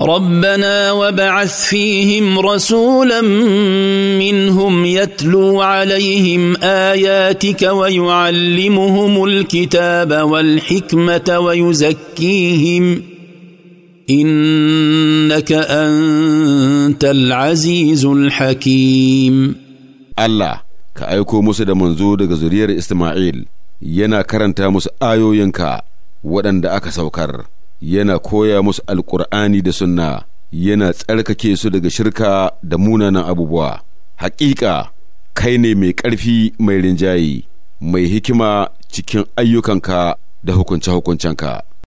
ربنا وبعث فيهم رسولا منهم يتلو عليهم اياتك ويعلمهم الكتاب والحكمه ويزكيهم انك انت العزيز الحكيم الله كايكو موسى منزود manzo اسماعيل ينا كرنتا yana ايو ينكا ayoyinka waɗanda yana koya musu alƙur'ani da sunna yana tsarkake su daga shirka da munanan abubuwa haƙiƙa kai ne mai ƙarfi mai rinjaye mai hikima cikin ayyukanka da hukunce-hukuncenka.